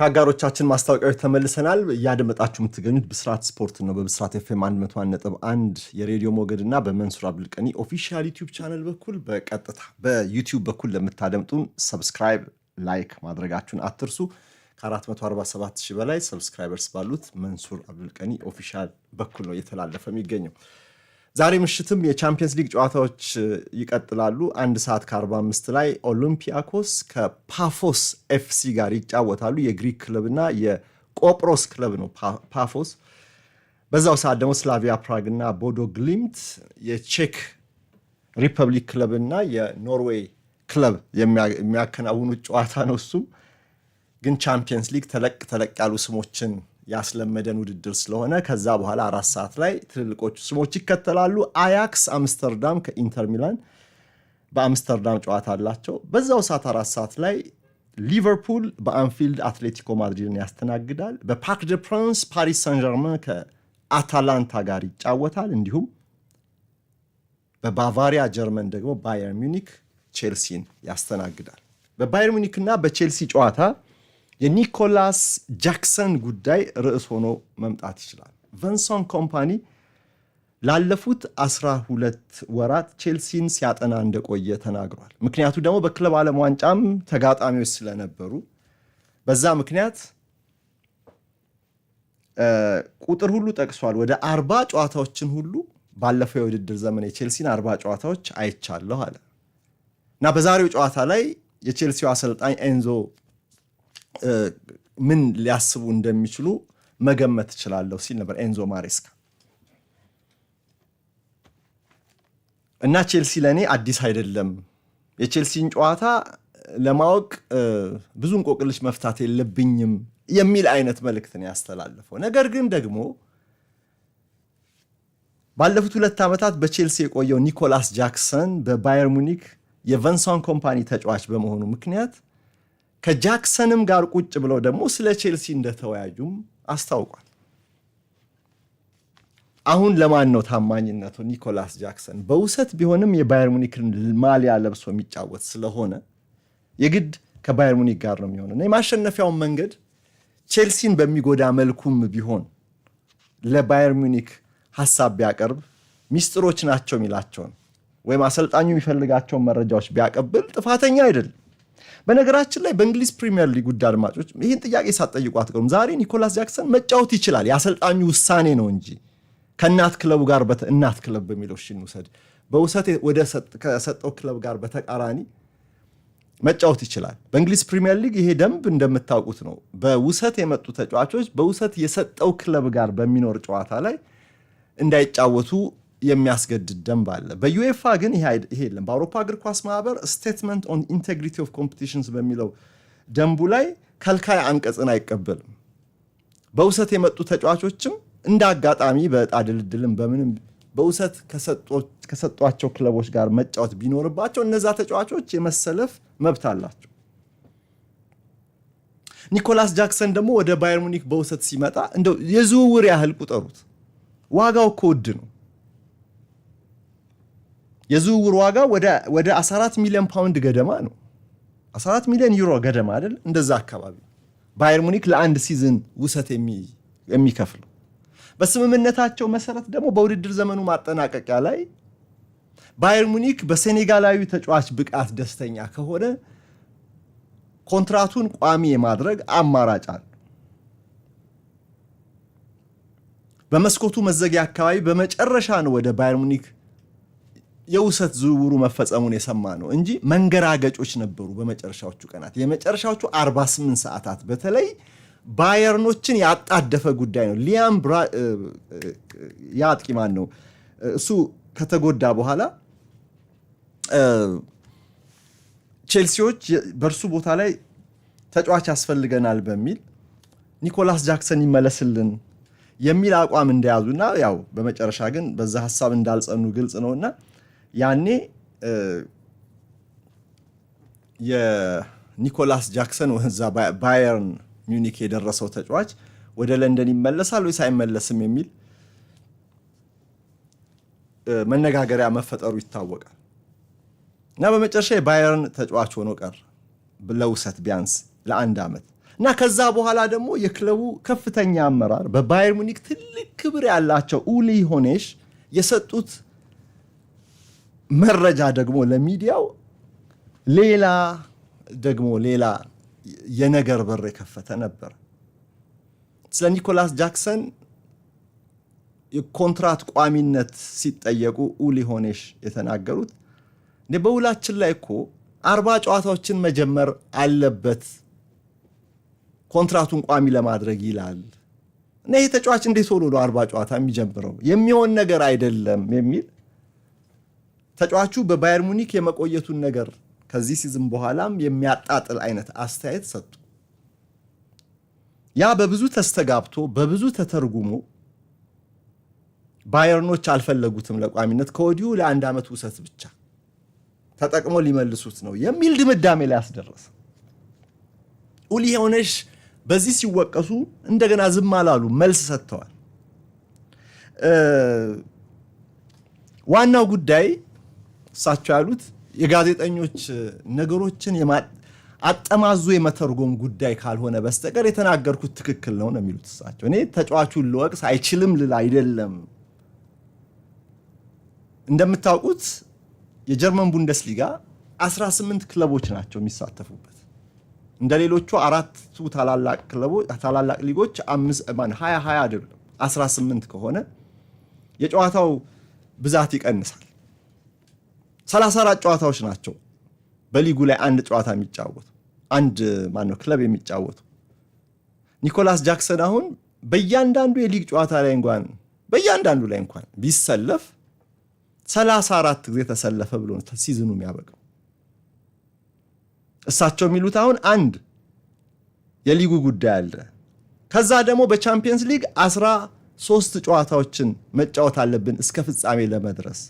ከአጋሮቻችን ማስታወቂያዎች ተመልሰናል። እያደመጣችሁ የምትገኙት ብስራት ስፖርት ነው። በብስራት ኤፍኤም አንድ የሬዲዮ ሞገድ እና በመንሱር አብዱልቀኒ ኦፊሻል ዩቲዩብ ቻነል በኩል በቀጥታ በዩቲዩብ በኩል ለምታደምጡን ሰብስክራይብ፣ ላይክ ማድረጋችሁን አትርሱ። ከ447 ሺህ በላይ ሰብስክራይበርስ ባሉት መንሱር አብዱልቀኒ ኦፊሻል በኩል ነው እየተላለፈ የሚገኘው። ዛሬ ምሽትም የቻምፒየንስ ሊግ ጨዋታዎች ይቀጥላሉ። አንድ ሰዓት ከ45 ላይ ኦሎምፒያኮስ ከፓፎስ ኤፍሲ ጋር ይጫወታሉ። የግሪክ ክለብና የቆጵሮስ ክለብ ነው ፓፎስ። በዛው ሰዓት ደግሞ ስላቪያ ፕራግና ቦዶ ግሊምት የቼክ ሪፐብሊክ ክለብና የኖርዌይ ክለብ የሚያከናውኑት ጨዋታ ነው። እሱም ግን ቻምፒየንስ ሊግ ተለቅ ተለቅ ያሉ ስሞችን ያስለመደን ውድድር ስለሆነ ከዛ በኋላ አራት ሰዓት ላይ ትልልቆቹ ስሞች ይከተላሉ። አያክስ አምስተርዳም ከኢንተር ሚላን በአምስተርዳም ጨዋታ አላቸው። በዛው ሰዓት አራት ሰዓት ላይ ሊቨርፑል በአንፊልድ አትሌቲኮ ማድሪድን ያስተናግዳል። በፓርክ ደ ፕራንስ ፓሪስ ሳን ጀርመን ከአታላንታ ጋር ይጫወታል። እንዲሁም በባቫሪያ ጀርመን ደግሞ ባየር ሚኒክ ቼልሲን ያስተናግዳል። በባየር ሚኒክና በቼልሲ ጨዋታ የኒኮላስ ጃክሰን ጉዳይ ርዕስ ሆኖ መምጣት ይችላል። ቨንሶን ኮምፓኒ ላለፉት አስራ ሁለት ወራት ቼልሲን ሲያጠና እንደቆየ ተናግሯል። ምክንያቱ ደግሞ በክለብ ዓለም ዋንጫም ተጋጣሚዎች ስለነበሩ በዛ ምክንያት ቁጥር ሁሉ ጠቅሷል። ወደ አርባ ጨዋታዎችን ሁሉ ባለፈው የውድድር ዘመን የቼልሲን አርባ ጨዋታዎች አይቻለሁ አለ እና በዛሬው ጨዋታ ላይ የቼልሲው አሰልጣኝ ኤንዞ ምን ሊያስቡ እንደሚችሉ መገመት እችላለሁ ሲል ነበር ኤንዞ ማሬስካ። እና ቼልሲ ለእኔ አዲስ አይደለም። የቼልሲን ጨዋታ ለማወቅ ብዙ እንቆቅልሽ መፍታት የለብኝም የሚል አይነት መልእክት ነው ያስተላለፈው። ነገር ግን ደግሞ ባለፉት ሁለት ዓመታት በቼልሲ የቆየው ኒኮላስ ጃክሰን በባየር ሙኒክ የቨንሳን ኮምፓኒ ተጫዋች በመሆኑ ምክንያት ከጃክሰንም ጋር ቁጭ ብለው ደግሞ ስለ ቼልሲ እንደተወያዩም አስታውቋል። አሁን ለማን ነው ታማኝነቱ? ኒኮላስ ጃክሰን በውሰት ቢሆንም የባየር ሙኒክን ማሊያ ለብሶ የሚጫወት ስለሆነ የግድ ከባየር ሙኒክ ጋር ነው የሚሆነው የማሸነፊያውን መንገድ ቼልሲን በሚጎዳ መልኩም ቢሆን ለባየር ሙኒክ ሀሳብ ቢያቀርብ ሚስጥሮች ናቸው የሚላቸውን ወይም አሰልጣኙ የሚፈልጋቸውን መረጃዎች ቢያቀብል ጥፋተኛ አይደለም። በነገራችን ላይ በእንግሊዝ ፕሪሚየር ሊግ ውድ አድማጮች ይህን ጥያቄ ሳትጠይቁ አትቀሩም። ዛሬ ኒኮላስ ጃክሰን መጫወት ይችላል፣ የአሰልጣኙ ውሳኔ ነው እንጂ ከእናት ክለቡ ጋር እናት ክለብ በሚለው እሺ እንውሰድ፣ በውሰት ወደ ከሰጠው ክለብ ጋር በተቃራኒ መጫወት ይችላል። በእንግሊዝ ፕሪሚየር ሊግ ይሄ ደንብ እንደምታውቁት ነው። በውሰት የመጡ ተጫዋቾች በውሰት የሰጠው ክለብ ጋር በሚኖር ጨዋታ ላይ እንዳይጫወቱ የሚያስገድድ ደንብ አለ። በዩኤፋ ግን ይሄ የለም። በአውሮፓ እግር ኳስ ማህበር ስቴትመንት ኦን ኢንቴግሪቲ ኦፍ ኮምፒቲሽንስ በሚለው ደንቡ ላይ ከልካይ አንቀጽን አይቀበልም። በውሰት የመጡ ተጫዋቾችም እንደ አጋጣሚ በዕጣ ድልድልም በምንም በውሰት ከሰጧቸው ክለቦች ጋር መጫወት ቢኖርባቸው እነዛ ተጫዋቾች የመሰለፍ መብት አላቸው። ኒኮላስ ጃክሰን ደግሞ ወደ ባየር ሙኒክ በውሰት ሲመጣ እንደው የዝውውር ያህል ቁጠሩት። ዋጋው እኮ ውድ ነው። የዝውውር ዋጋ ወደ 14 ሚሊዮን ፓውንድ ገደማ ነው። 14 ሚሊዮን ዩሮ ገደማ አይደል? እንደዛ አካባቢ ባየር ሙኒክ ለአንድ ሲዝን ውሰት የሚከፍል በስምምነታቸው መሰረት ደግሞ በውድድር ዘመኑ ማጠናቀቂያ ላይ ባየር ሙኒክ በሴኔጋላዊ ተጫዋች ብቃት ደስተኛ ከሆነ ኮንትራቱን ቋሚ የማድረግ አማራጭ አለ። በመስኮቱ መዘጊያ አካባቢ በመጨረሻ ነው ወደ ባየር ሙኒክ የውሰት ዝውውሩ መፈጸሙን የሰማ ነው እንጂ መንገራገጮች ነበሩ። በመጨረሻዎቹ ቀናት የመጨረሻዎቹ 48 ሰዓታት በተለይ ባየርኖችን ያጣደፈ ጉዳይ ነው። ሊያም ያ ማን ነው እሱ ከተጎዳ በኋላ ቼልሲዎች በእርሱ ቦታ ላይ ተጫዋች ያስፈልገናል በሚል ኒኮላስ ጃክሰን ይመለስልን የሚል አቋም እንደያዙና ያው በመጨረሻ ግን በዛ ሀሳብ እንዳልጸኑ ግልጽ ነውና ያኔ የኒኮላስ ጃክሰን ወዛ ባየርን ሚኒክ የደረሰው ተጫዋች ወደ ለንደን ይመለሳል ወይስ አይመለስም የሚል መነጋገሪያ መፈጠሩ ይታወቃል። እና በመጨረሻ የባየርን ተጫዋች ሆኖ ቀር ለውሰት ቢያንስ ለአንድ ዓመት እና ከዛ በኋላ ደግሞ የክለቡ ከፍተኛ አመራር በባየር ሙኒክ ትልቅ ክብር ያላቸው ኡሊ ሆኔሽ የሰጡት መረጃ ደግሞ ለሚዲያው ሌላ ደግሞ ሌላ የነገር በር የከፈተ ነበር። ስለ ኒኮላስ ጃክሰን የኮንትራት ቋሚነት ሲጠየቁ ኡሊ ሆኔሽ የተናገሩት በውላችን ላይ እኮ አርባ ጨዋታዎችን መጀመር አለበት ኮንትራቱን ቋሚ ለማድረግ ይላል እና ይህ ተጫዋች እንዴት ሆኖ ነው አርባ ጨዋታ የሚጀምረው? የሚሆን ነገር አይደለም የሚል ተጫዋቹ በባየር ሙኒክ የመቆየቱን ነገር ከዚህ ሲዝም በኋላም የሚያጣጥል አይነት አስተያየት ሰጡ። ያ በብዙ ተስተጋብቶ በብዙ ተተርጉሞ ባየርኖች አልፈለጉትም ለቋሚነት ከወዲሁ ለአንድ ዓመት ውሰት ብቻ ተጠቅሞ ሊመልሱት ነው የሚል ድምዳሜ ላይ አስደረሰ። ኡሊ ሆነሽ በዚህ ሲወቀሱ እንደገና ዝም አላሉ፣ መልስ ሰጥተዋል። ዋናው ጉዳይ እሳቸው ያሉት የጋዜጠኞች ነገሮችን አጠማዞ የመተርጎም ጉዳይ ካልሆነ በስተቀር የተናገርኩት ትክክል ነው ነው የሚሉት እሳቸው። እኔ ተጫዋቹን ልወቅስ አይችልም ልል አይደለም። እንደምታውቁት የጀርመን ቡንደስሊጋ 18 ክለቦች ናቸው የሚሳተፉበት። እንደ ሌሎቹ አራቱ ታላላቅ ሊጎች 20 20 አይደለም 18 ከሆነ የጨዋታው ብዛት ይቀንሳል። ሰላሳ አራት ጨዋታዎች ናቸው በሊጉ ላይ አንድ ጨዋታ የሚጫወቱ አንድ ማነው ክለብ የሚጫወቱ። ኒኮላስ ጃክሰን አሁን በእያንዳንዱ የሊግ ጨዋታ ላይ እንኳን በእያንዳንዱ ላይ እንኳን ቢሰለፍ ሰላሳ አራት ጊዜ ተሰለፈ ብሎ ሲዝኑ የሚያበቅ። እሳቸው የሚሉት አሁን አንድ የሊጉ ጉዳይ አለ። ከዛ ደግሞ በቻምፒየንስ ሊግ አስራ ሶስት ጨዋታዎችን መጫወት አለብን እስከ ፍጻሜ ለመድረስ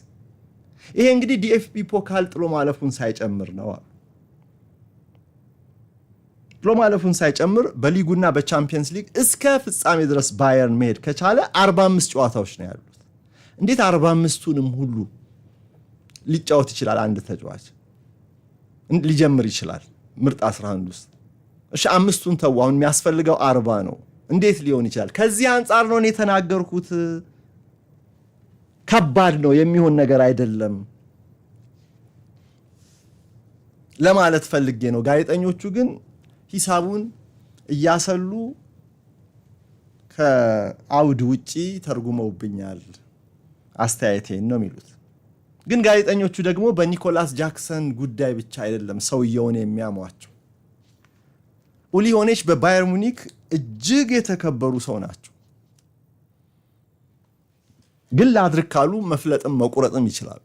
ይሄ እንግዲህ ዲኤፍቢ ፖካል ጥሎ ማለፉን ሳይጨምር ነው። ጥሎ ማለፉን ሳይጨምር በሊጉና በቻምፒየንስ ሊግ እስከ ፍጻሜ ድረስ ባየርን መሄድ ከቻለ 45 ጨዋታዎች ነው ያሉት። እንዴት 45ቱንም ሁሉ ሊጫወት ይችላል? አንድ ተጫዋች ሊጀምር ይችላል ምርጥ 11 ውስጥ። እሺ አምስቱን ተው፣ አሁን የሚያስፈልገው አርባ ነው። እንዴት ሊሆን ይችላል? ከዚህ አንጻር ነው የተናገርኩት። ከባድ ነው፣ የሚሆን ነገር አይደለም ለማለት ፈልጌ ነው። ጋዜጠኞቹ ግን ሂሳቡን እያሰሉ ከአውድ ውጪ ተርጉመውብኛል አስተያየቴን ነው የሚሉት። ግን ጋዜጠኞቹ ደግሞ በኒኮላስ ጃክሰን ጉዳይ ብቻ አይደለም ሰውየውን የሚያሟቸው። ኡሊ ሆኔች በባየር ሙኒክ እጅግ የተከበሩ ሰው ናቸው። ግን ላድርግ ካሉ መፍለጥም መቁረጥም ይችላሉ።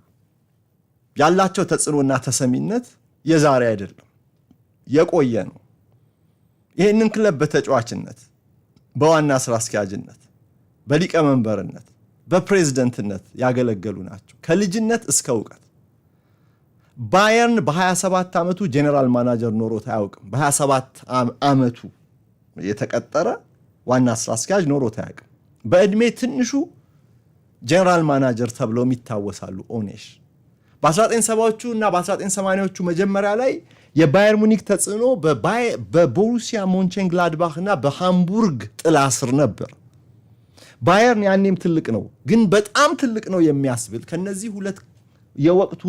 ያላቸው ተጽዕኖና ተሰሚነት የዛሬ አይደለም፣ የቆየ ነው። ይህንን ክለብ በተጫዋችነት፣ በዋና ስራ አስኪያጅነት፣ በሊቀመንበርነት፣ በፕሬዝደንትነት ያገለገሉ ናቸው ከልጅነት እስከ እውቀት። ባየርን በ27 ዓመቱ ጄኔራል ማናጀር ኖሮት አያውቅም። በ27 ዓመቱ የተቀጠረ ዋና ስራ አስኪያጅ ኖሮት አያውቅም። በዕድሜ ትንሹ ጀነራል ማናጀር ተብለውም ይታወሳሉ። ኦኔሽ በ1970ዎቹ እና በ1980ዎቹ መጀመሪያ ላይ የባየር ሙኒክ ተጽዕኖ በቦሩሲያ ሞንቸንግላድባህ እና በሃምቡርግ ጥላ ስር ነበር። ባየርን ያኔም ትልቅ ነው፣ ግን በጣም ትልቅ ነው የሚያስብል ከነዚህ ሁለት የወቅቱ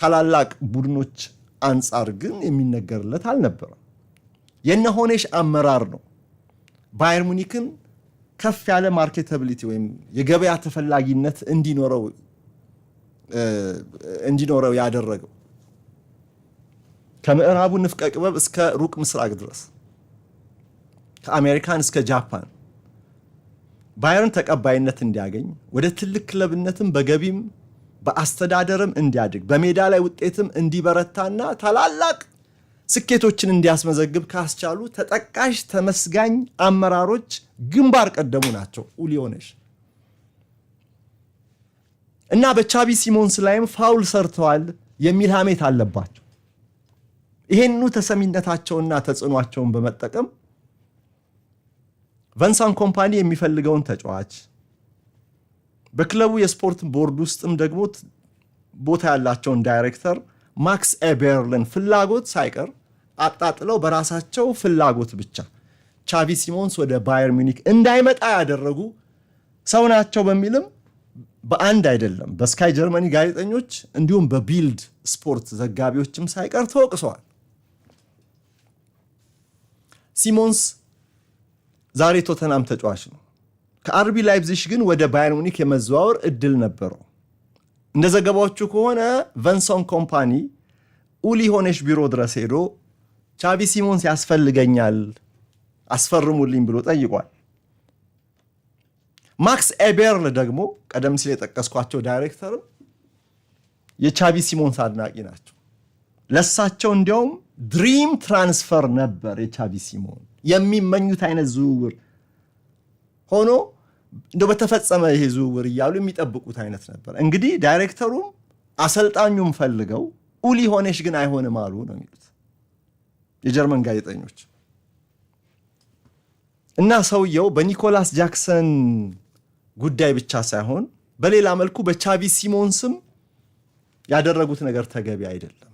ታላላቅ ቡድኖች አንጻር ግን የሚነገርለት አልነበረም። የነሆኔሽ አመራር ነው ባየር ሙኒክን ከፍ ያለ ማርኬታብሊቲ ወይም የገበያ ተፈላጊነት እንዲኖረው እንዲኖረው ያደረገው ከምዕራቡ ንፍቀ ቅበብ እስከ ሩቅ ምስራቅ ድረስ ከአሜሪካን እስከ ጃፓን ባየርን ተቀባይነት እንዲያገኝ ወደ ትልቅ ክለብነትም በገቢም በአስተዳደርም እንዲያድግ በሜዳ ላይ ውጤትም እንዲበረታና ታላላቅ ስኬቶችን እንዲያስመዘግብ ካስቻሉ ተጠቃሽ ተመስጋኝ አመራሮች ግንባር ቀደሙ ናቸው ኡሊዮነሽ እና በቻቢ ሲሞንስ ላይም ፋውል ሰርተዋል የሚል ሐሜት አለባቸው። ይሄኑ ተሰሚነታቸውና ተጽዕኗቸውን በመጠቀም ቨንሳን ኮምፓኒ የሚፈልገውን ተጫዋች በክለቡ የስፖርት ቦርድ ውስጥም ደግሞ ቦታ ያላቸውን ዳይሬክተር ማክስ ኤቤርልን ፍላጎት ሳይቀር አጣጥለው በራሳቸው ፍላጎት ብቻ ቻቪ ሲሞንስ ወደ ባየር ሚኒክ እንዳይመጣ ያደረጉ ሰው ናቸው በሚልም በአንድ አይደለም በስካይ ጀርመኒ ጋዜጠኞች እንዲሁም በቢልድ ስፖርት ዘጋቢዎችም ሳይቀር ተወቅሰዋል። ሲሞንስ ዛሬ ቶተናም ተጫዋች ነው። ከአርቢ ላይፕዚሽ ግን ወደ ባየር ሙኒክ የመዘዋወር እድል ነበረው። እንደ ዘገባዎቹ ከሆነ ቨንሶን ኮምፓኒ ኡሊ ሆነሽ ቢሮ ድረስ ሄዶ ቻቪ ሲሞንስ ያስፈልገኛል አስፈርሙልኝ ብሎ ጠይቋል። ማክስ ኤቤርል ደግሞ ቀደም ሲል የጠቀስኳቸው ዳይሬክተርም የቻቪ ሲሞንስ አድናቂ ናቸው። ለሳቸው እንዲያውም ድሪም ትራንስፈር ነበር የቻቪ ሲሞን የሚመኙት አይነት ዝውውር ሆኖ እንደው በተፈጸመ ይሄ ዝውውር እያሉ የሚጠብቁት አይነት ነበር። እንግዲህ ዳይሬክተሩም አሰልጣኙም ፈልገው ኡሊ ሆነሽ ግን አይሆንም አሉ ነው የሚሉት የጀርመን ጋዜጠኞች። እና ሰውየው በኒኮላስ ጃክሰን ጉዳይ ብቻ ሳይሆን በሌላ መልኩ በቻቪ ሲሞንስም ያደረጉት ነገር ተገቢ አይደለም።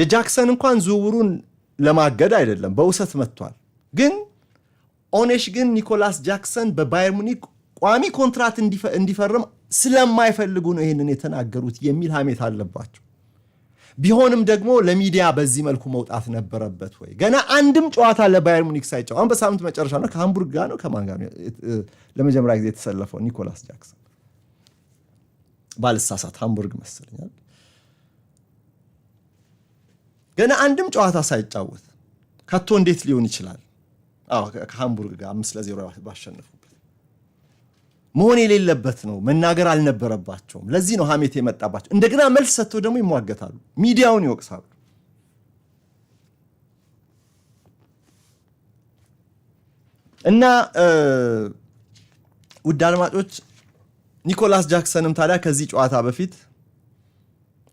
የጃክሰን እንኳን ዝውውሩን ለማገድ አይደለም፣ በውሰት መጥቷል ግን ኦኔሽ ግን ኒኮላስ ጃክሰን በባየር ሙኒክ ቋሚ ኮንትራት እንዲፈርም ስለማይፈልጉ ነው ይህንን የተናገሩት የሚል ሀሜት አለባቸው። ቢሆንም ደግሞ ለሚዲያ በዚህ መልኩ መውጣት ነበረበት ወይ? ገና አንድም ጨዋታ ለባየር ሙኒክ ሳይጫወት አሁን በሳምንት መጨረሻ ነው ከሃምቡርግ ጋር ነው ከማን ጋር ለመጀመሪያ ጊዜ የተሰለፈው ኒኮላስ ጃክሰን? ባልሳሳት ሃምቡርግ መሰለኛል። ገና አንድም ጨዋታ ሳይጫወት ከቶ እንዴት ሊሆን ይችላል? ከሃምቡርግ ጋር አምስት ለዜሮ ባሸነፉበት መሆን የሌለበት ነው። መናገር አልነበረባቸውም። ለዚህ ነው ሀሜት የመጣባቸው። እንደገና መልስ ሰጥተው ደግሞ ይሟገታሉ፣ ሚዲያውን ይወቅሳሉ። እና ውድ አድማጮች ኒኮላስ ጃክሰንም ታዲያ ከዚህ ጨዋታ በፊት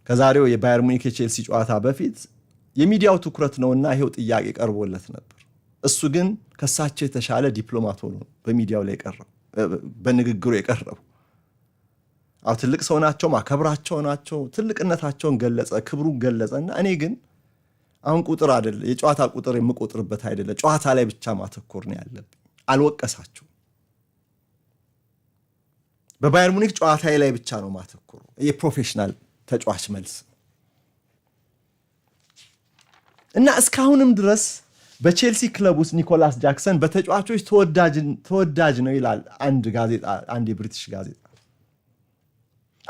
ከዛሬው የባየር ሙኒክ የቼልሲ ጨዋታ በፊት የሚዲያው ትኩረት ነውና ይሄው ጥያቄ ቀርቦለት ነበር። እሱ ግን ከሳቸው የተሻለ ዲፕሎማት ሆኖ በሚዲያው ላይ ቀረው፣ በንግግሩ የቀረቡ አሁ ትልቅ ሰው ናቸው፣ ማከብራቸው ናቸው፣ ትልቅነታቸውን ገለጸ፣ ክብሩን ገለጸ። እና እኔ ግን አሁን ቁጥር አደለ የጨዋታ ቁጥር የምቆጥርበት አይደለ፣ ጨዋታ ላይ ብቻ ማተኮር ነው ያለብኝ። አልወቀሳቸው በባየር ሙኒክ ጨዋታ ላይ ብቻ ነው ማተኮሩ። የፕሮፌሽናል ተጫዋች መልስ እና እስካሁንም ድረስ በቼልሲ ክለብ ውስጥ ኒኮላስ ጃክሰን በተጫዋቾች ተወዳጅ ነው ይላል አንድ ጋዜጣ፣ አንድ የብሪቲሽ ጋዜጣ።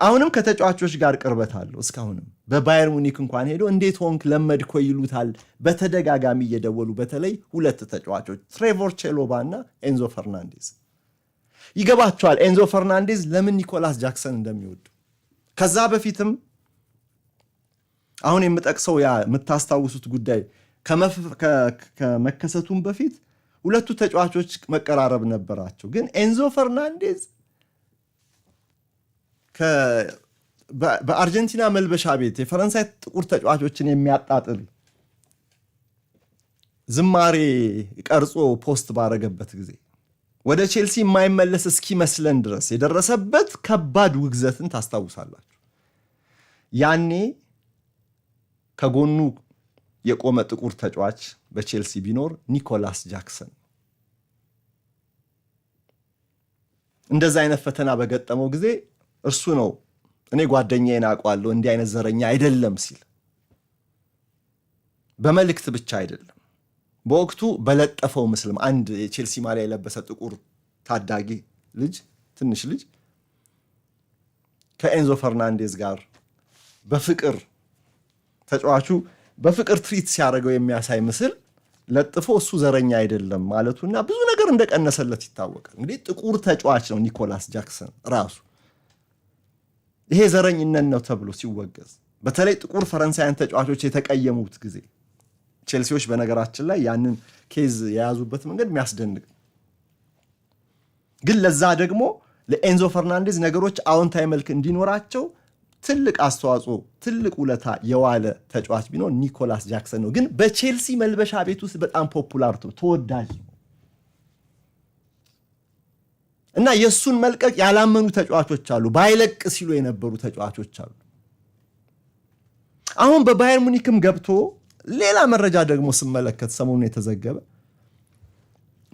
አሁንም ከተጫዋቾች ጋር ቅርበት አለው። እስካሁንም በባየር ሙኒክ እንኳን ሄዶ እንዴት ሆንክ ለመድኮ ይሉታል በተደጋጋሚ እየደወሉ በተለይ ሁለት ተጫዋቾች ትሬቮር ቼሎባ እና ኤንዞ ፈርናንዴዝ ይገባቸዋል። ኤንዞ ፈርናንዴዝ ለምን ኒኮላስ ጃክሰን እንደሚወዱ ከዛ በፊትም አሁን የምጠቅሰው ያ የምታስታውሱት ጉዳይ ከመከሰቱም በፊት ሁለቱ ተጫዋቾች መቀራረብ ነበራቸው። ግን ኤንዞ ፈርናንዴዝ በአርጀንቲና መልበሻ ቤት የፈረንሳይ ጥቁር ተጫዋቾችን የሚያጣጥል ዝማሬ ቀርጾ ፖስት ባረገበት ጊዜ ወደ ቼልሲ የማይመለስ እስኪመስለን ድረስ የደረሰበት ከባድ ውግዘትን ታስታውሳላችሁ። ያኔ ከጎኑ የቆመ ጥቁር ተጫዋች በቼልሲ ቢኖር ኒኮላስ ጃክሰን እንደዛ አይነት ፈተና በገጠመው ጊዜ እርሱ ነው እኔ ጓደኛዬን አውቀዋለሁ እንዲህ አይነት ዘረኛ አይደለም ሲል በመልእክት ብቻ አይደለም በወቅቱ በለጠፈው ምስልም አንድ የቼልሲ ማሊያ የለበሰ ጥቁር ታዳጊ ልጅ ትንሽ ልጅ ከኤንዞ ፈርናንዴዝ ጋር በፍቅር ተጫዋቹ በፍቅር ትሪት ሲያደርገው የሚያሳይ ምስል ለጥፎ እሱ ዘረኛ አይደለም ማለቱና ብዙ ነገር እንደቀነሰለት ይታወቃል። እንግዲህ ጥቁር ተጫዋች ነው ኒኮላስ ጃክሰን ራሱ። ይሄ ዘረኝነት ነው ተብሎ ሲወገዝ በተለይ ጥቁር ፈረንሳያን ተጫዋቾች የተቀየሙት ጊዜ ቼልሲዎች በነገራችን ላይ ያንን ኬዝ የያዙበት መንገድ የሚያስደንቅ ግን ለዛ ደግሞ ለኤንዞ ፈርናንዴዝ ነገሮች አዎንታዊ መልክ እንዲኖራቸው ትልቅ አስተዋጽኦ ትልቅ ውለታ የዋለ ተጫዋች ቢኖር ኒኮላስ ጃክሰን ነው። ግን በቼልሲ መልበሻ ቤት ውስጥ በጣም ፖፑላር ተወዳጅ ነው እና የእሱን መልቀቅ ያላመኑ ተጫዋቾች አሉ። ባይለቅ ሲሉ የነበሩ ተጫዋቾች አሉ። አሁን በባየር ሙኒክም ገብቶ ሌላ መረጃ ደግሞ ስመለከት ሰሞኑን የተዘገበ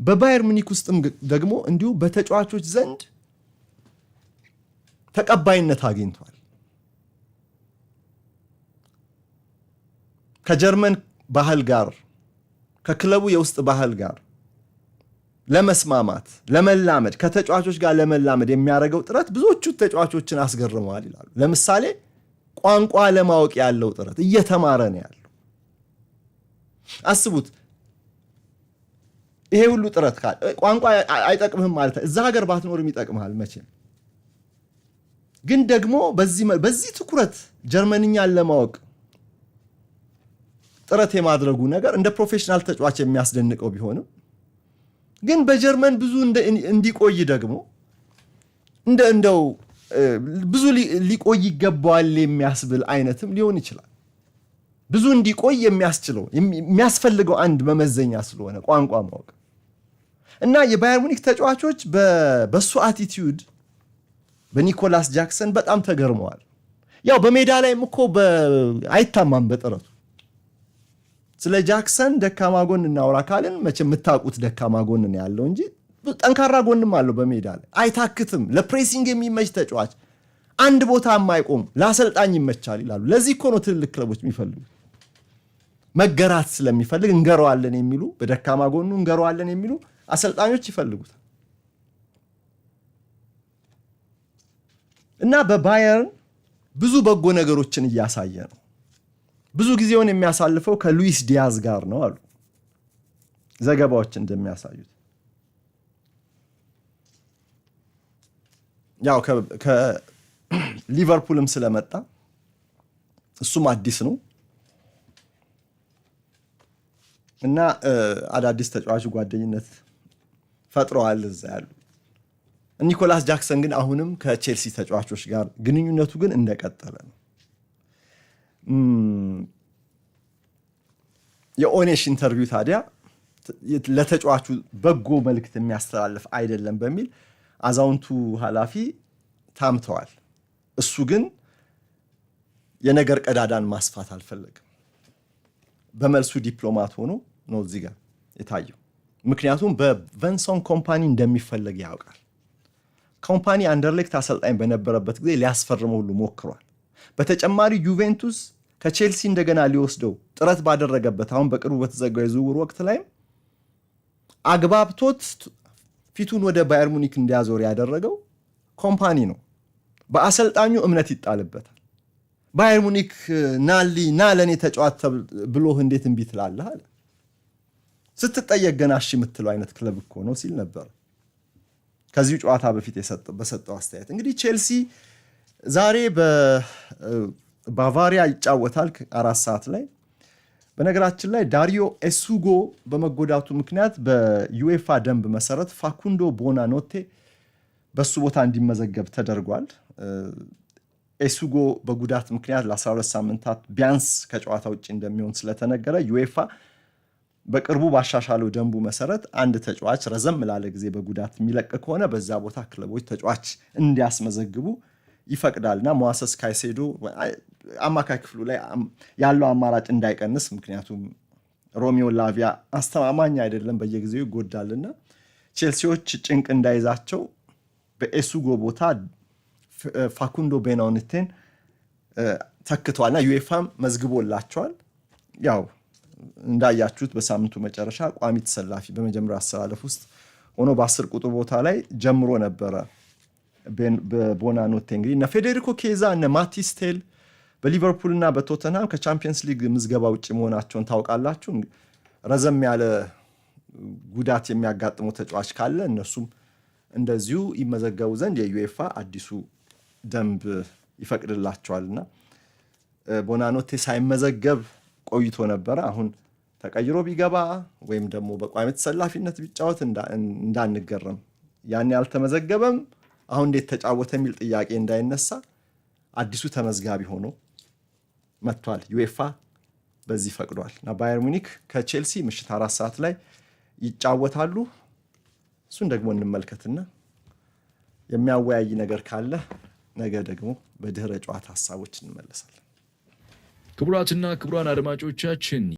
በባየር ሙኒክ ውስጥም ደግሞ እንዲሁ በተጫዋቾች ዘንድ ተቀባይነት አግኝቷል። ከጀርመን ባህል ጋር ከክለቡ የውስጥ ባህል ጋር ለመስማማት ለመላመድ ከተጫዋቾች ጋር ለመላመድ የሚያደርገው ጥረት ብዙዎቹ ተጫዋቾችን አስገርመዋል ይላሉ። ለምሳሌ ቋንቋ ለማወቅ ያለው ጥረት እየተማረ ነው ያለው። አስቡት፣ ይሄ ሁሉ ጥረት ካለ ቋንቋ አይጠቅምህም ማለት እዛ ሀገር ባትኖርም ይጠቅምሃል መቼም። ግን ደግሞ በዚህ ትኩረት ጀርመንኛን ለማወቅ ጥረት የማድረጉ ነገር እንደ ፕሮፌሽናል ተጫዋች የሚያስደንቀው ቢሆንም ግን በጀርመን ብዙ እንዲቆይ ደግሞ እንደ እንደው ብዙ ሊቆይ ይገባዋል የሚያስብል አይነትም ሊሆን ይችላል። ብዙ እንዲቆይ የሚያስችለው የሚያስፈልገው አንድ መመዘኛ ስለሆነ ቋንቋ ማወቅ እና የባየር ሙኒክ ተጫዋቾች በሱ አቲቲዩድ በኒኮላስ ጃክሰን በጣም ተገርመዋል። ያው በሜዳ ላይም እኮ አይታማም በጥረቱ ስለ ጃክሰን ደካማ ጎን እናውራ ካልን መቼ የምታውቁት ደካማ ጎን ነው ያለው እንጂ ጠንካራ ጎንም አለው። በሜዳ ላይ አይታክትም። ለፕሬሲንግ የሚመች ተጫዋች፣ አንድ ቦታ የማይቆም ለአሰልጣኝ ይመቻል ይላሉ። ለዚህ እኮ ነው ትልልቅ ክለቦች የሚፈልጉ መገራት ስለሚፈልግ እንገረዋለን የሚሉ በደካማ ጎኑ እንገረዋለን የሚሉ አሰልጣኞች ይፈልጉታል እና በባየርን ብዙ በጎ ነገሮችን እያሳየ ነው። ብዙ ጊዜውን የሚያሳልፈው ከሉዊስ ዲያዝ ጋር ነው አሉ ዘገባዎች እንደሚያሳዩት። ያው ከሊቨርፑልም ስለመጣ እሱም አዲስ ነው እና አዳዲስ ተጫዋች ጓደኝነት ፈጥረዋል እዛ ያሉ። ኒኮላስ ጃክሰን ግን አሁንም ከቼልሲ ተጫዋቾች ጋር ግንኙነቱ ግን እንደቀጠለ ነው። የኦኔሽ ኢንተርቪው ታዲያ ለተጫዋቹ በጎ መልእክት የሚያስተላልፍ አይደለም በሚል አዛውንቱ ኃላፊ ታምተዋል። እሱ ግን የነገር ቀዳዳን ማስፋት አልፈለግም። በመልሱ ዲፕሎማት ሆኖ ነው እዚህ ጋር የታየው። ምክንያቱም በቨንሶን ኮምፓኒ እንደሚፈለግ ያውቃል። ኮምፓኒ አንደርሌክት አሰልጣኝ በነበረበት ጊዜ ሊያስፈርመው ሁሉ ሞክሯል። በተጨማሪ ዩቬንቱስ ከቼልሲ እንደገና ሊወስደው ጥረት ባደረገበት አሁን በቅርቡ በተዘጋው የዝውውር ወቅት ላይም አግባብቶት ፊቱን ወደ ባየር ሙኒክ እንዲያዞር ያደረገው ኮምፓኒ ነው። በአሰልጣኙ እምነት ይጣልበታል። ባየር ሙኒክ ናሊ ና ለእኔ ተጫዋት ብሎህ እንዴት እምቢ ትላለህ አለ። ስትጠየቅ ገና እሺ የምትለው አይነት ክለብ እኮ ነው ሲል ነበር ከዚሁ ጨዋታ በፊት በሰጠው አስተያየት እንግዲህ ቼልሲ ዛሬ በባቫሪያ ይጫወታል አራት ሰዓት ላይ። በነገራችን ላይ ዳሪዮ ኤሱጎ በመጎዳቱ ምክንያት በዩኤፋ ደንብ መሰረት ፋኩንዶ ቦናኖቴ በሱ ቦታ እንዲመዘገብ ተደርጓል። ኤሱጎ በጉዳት ምክንያት ለ12 ሳምንታት ቢያንስ ከጨዋታ ውጭ እንደሚሆን ስለተነገረ ዩኤፋ በቅርቡ ባሻሻለው ደንቡ መሰረት አንድ ተጫዋች ረዘም ላለ ጊዜ በጉዳት የሚለቅ ከሆነ በዛ ቦታ ክለቦች ተጫዋች እንዲያስመዘግቡ ይፈቅዳል እና መዋሰስ ካይሴዱ አማካይ ክፍሉ ላይ ያለው አማራጭ እንዳይቀንስ፣ ምክንያቱም ሮሚዮ ላቪያ አስተማማኝ አይደለም፣ በየጊዜው ይጎዳልና ቼልሲዎች ጭንቅ እንዳይዛቸው በኤሱጎ ቦታ ፋኩንዶ ቤናውንቴን ተክተዋል እና ዩኤፋም መዝግቦላቸዋል። ያው እንዳያችሁት በሳምንቱ መጨረሻ ቋሚ ተሰላፊ በመጀመሪያ አሰላለፍ ውስጥ ሆኖ በአስር ቁጥር ቦታ ላይ ጀምሮ ነበረ። ኖቴ እንግዲህ እነ ፌዴሪኮ ኬዛ እነ ማቲስቴል እና በቶተንሃም ከቻምፒየንስ ሊግ ምዝገባ ውጭ መሆናቸውን ታውቃላችሁ። ረዘም ያለ ጉዳት የሚያጋጥመው ተጫዋች ካለ እነሱም እንደዚሁ ይመዘገቡ ዘንድ የዩኤፋ አዲሱ ደንብ ይፈቅድላቸዋልና ቦናኖቴ ሳይመዘገብ ቆይቶ ነበረ። አሁን ተቀይሮ ቢገባ ወይም ደግሞ በቋሚ ተሰላፊነት ቢጫወት እንዳንገረም ያን ያልተመዘገበም አሁን እንዴት ተጫወተ የሚል ጥያቄ እንዳይነሳ አዲሱ ተመዝጋቢ ሆኖ መጥቷል። ዩኤፋ በዚህ ፈቅዷል እና ባየር ሙኒክ ከቼልሲ ምሽት አራት ሰዓት ላይ ይጫወታሉ። እሱን ደግሞ እንመልከትና የሚያወያይ ነገር ካለ ነገ ደግሞ በድህረ ጨዋታ ሀሳቦች እንመለሳለን። ክቡራትና ክቡራን አድማጮቻችን